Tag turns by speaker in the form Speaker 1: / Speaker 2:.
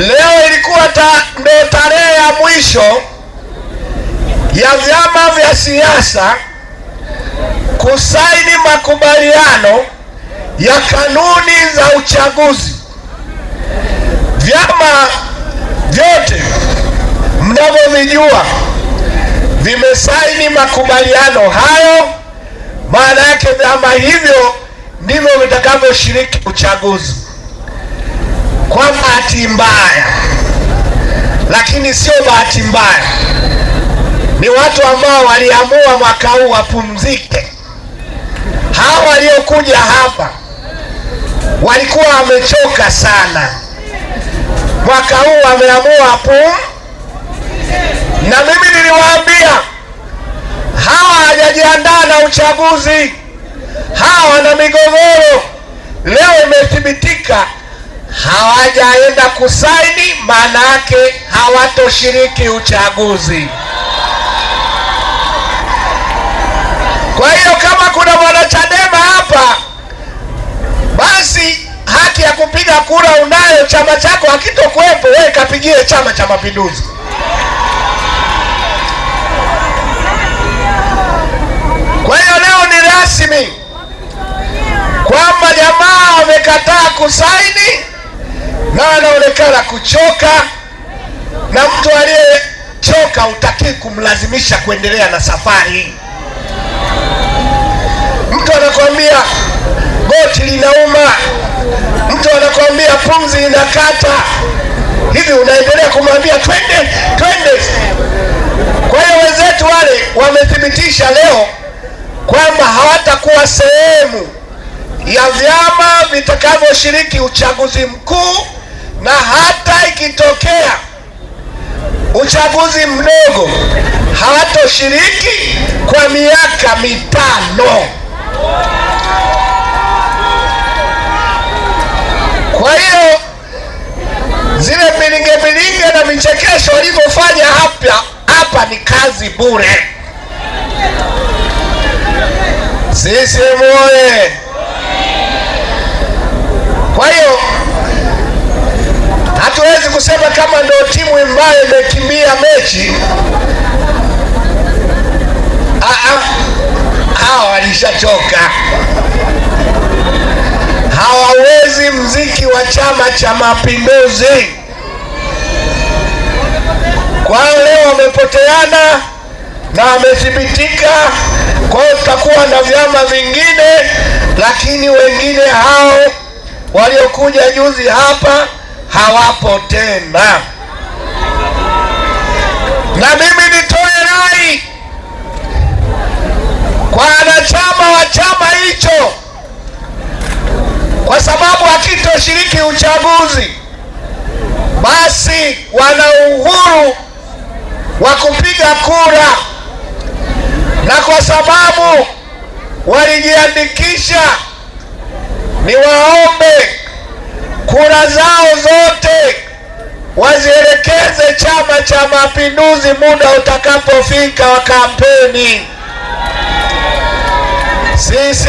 Speaker 1: Leo ilikuwa ta, tarehe ya mwisho ya vyama vya siasa kusaini makubaliano ya kanuni za uchaguzi. Vyama vyote mnavyovijua vimesaini makubaliano hayo. Maana yake vyama hivyo ndivyo vitakavyoshiriki uchaguzi kwamba bahati mbaya, lakini sio bahati mbaya, ni watu ambao waliamua mwaka huu wapumzike. Hawa waliokuja hapa walikuwa wamechoka sana, mwaka huu wameamua pum, na mimi niliwaambia hawa hawajajiandaa na uchaguzi, hawa wana migogoro. Leo imethibitika hawajaenda kusaini, maana yake hawatoshiriki uchaguzi. Kwa hiyo kama kuna mwanachadema hapa, basi haki ya kupiga kura unayo, chama chako hakitokuwepo, wewe kapigie Chama cha Mapinduzi. Kwa hiyo leo ni rasmi kwamba jamaa wamekataa kusaini anaonekana kuchoka, na mtu aliyechoka utakii kumlazimisha kuendelea na safari. Mtu anakwambia goti linauma, mtu anakwambia pumzi inakata, hivi unaendelea kumwambia twende twende. Kwa hiyo wenzetu wale wamethibitisha leo kwamba hawatakuwa sehemu ya vyama vitakavyoshiriki uchaguzi mkuu na hata ikitokea uchaguzi mdogo hawatoshiriki kwa miaka mitano. Kwa hiyo zile bilinge bilinge na vichekesho walivyofanya hapa hapa ni kazi bure. Sisi moye! Kwa hiyo Hatuwezi kusema kama ndio timu ambayo imekimbia mechi. Ah, ah. Hawa walishachoka, hawawezi mziki wa Chama cha Mapinduzi. Kwa hiyo leo wamepoteana na wamethibitika. Kwa hiyo tutakuwa na vyama vingine, lakini wengine hao waliokuja juzi hapa hawapo tena. Na mimi nitoe rai kwa wanachama wa chama hicho, kwa sababu akitoshiriki uchaguzi, basi wana uhuru wa kupiga kura, na kwa sababu walijiandikisha, niwaombe kura zao zote wazielekeze Chama cha Mapinduzi muda utakapofika wa kampeni. Sisi